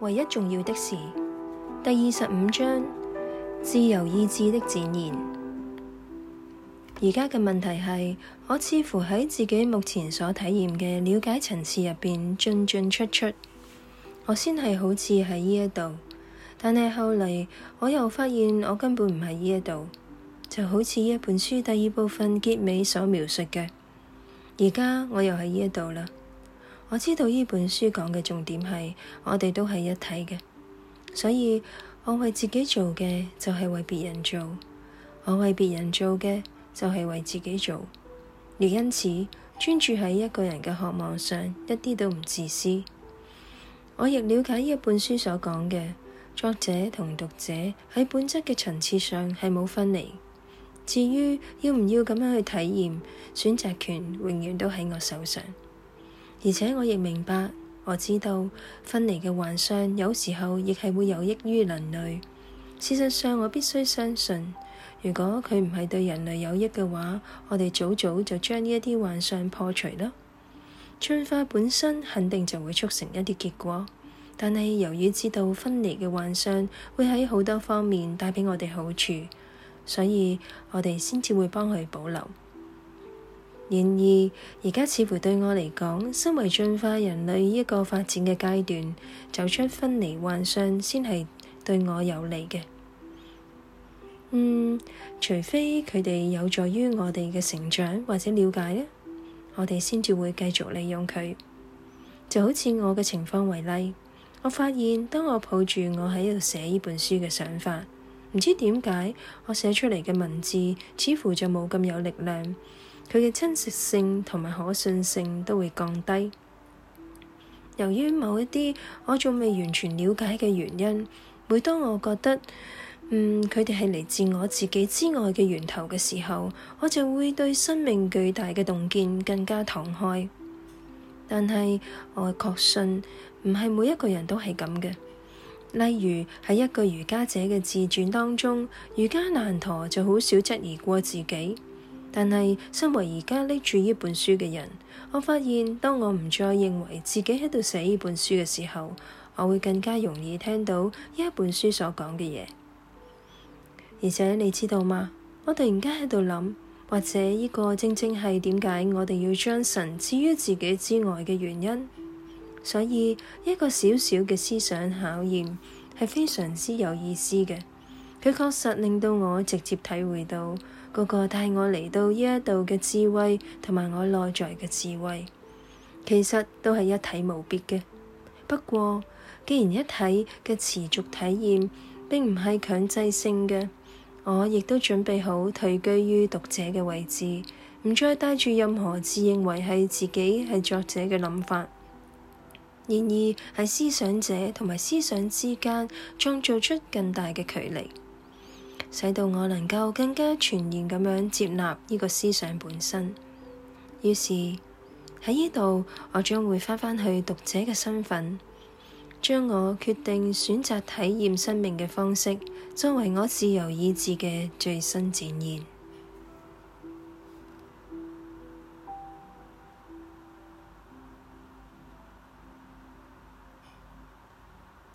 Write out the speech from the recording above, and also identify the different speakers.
Speaker 1: 唯一重要的事第二十五章自由意志的展現。而家嘅問題係，我似乎喺自己目前所體驗嘅了解層次入邊進進出出，我先係好似喺呢一度，但係後嚟我又發現我根本唔喺呢一度，就好似一本書第二部分結尾所描述嘅。而家我又喺呢一度啦。我知道呢本書講嘅重點係，我哋都係一體嘅，所以我為自己做嘅就係為別人做，我為別人做嘅就係為自己做。而因此專注喺一個人嘅渴望上，一啲都唔自私。我亦了解呢一本書所講嘅作者同讀者喺本質嘅層次上係冇分離。至於要唔要咁樣去體驗，選擇權永遠都喺我手上。而且我亦明白，我知道分離嘅幻想，有時候亦係會有益於人類。事實上，我必須相信，如果佢唔係對人類有益嘅話，我哋早早就將呢一啲幻想破除咯。進化本身肯定就會促成一啲結果，但係由於知道分離嘅幻想會喺好多方面帶畀我哋好處，所以我哋先至會幫佢保留。然而而家似乎對我嚟講，身為進化人類呢一個發展嘅階段，走出分離幻象先係對我有利嘅。嗯，除非佢哋有助於我哋嘅成長或者了解咧，我哋先至會繼續利用佢。就好似我嘅情況為例，我發現當我抱住我喺度寫呢本書嘅想法，唔知點解我寫出嚟嘅文字似乎就冇咁有，有力量。佢嘅真實性同埋可信性都會降低。由於某一啲我仲未完全了解嘅原因，每當我覺得，嗯，佢哋係嚟自我自己之外嘅源頭嘅時候，我就會對生命巨大嘅洞見更加敞開。但係我確信，唔係每一個人都係咁嘅。例如喺一個瑜伽者嘅自傳當中，瑜伽難陀就好少質疑過自己。但係身為而家拎住呢本書嘅人，我發現當我唔再認為自己喺度寫呢本書嘅時候，我會更加容易聽到呢一本書所講嘅嘢。而且你知道嗎？我突然間喺度諗，或者呢個正正係點解我哋要將神置於自己之外嘅原因。所以一個小小嘅思想考驗係非常之有意思嘅。佢確實令到我直接體會到個個帶我嚟到呢一度嘅智慧，同埋我內在嘅智慧，其實都係一體無別嘅。不過，既然一體嘅持續體驗並唔係強制性嘅，我亦都準備好退居於讀者嘅位置，唔再帶住任何自認為係自己係作者嘅諗法，然而喺思想者同埋思想之間創造出更大嘅距離。使到我能夠更加全然咁樣接納呢個思想本身。於是，喺呢度，我將會翻返去讀者嘅身份，將我決定選擇體驗生命嘅方式，作為我自由意志嘅最新展現。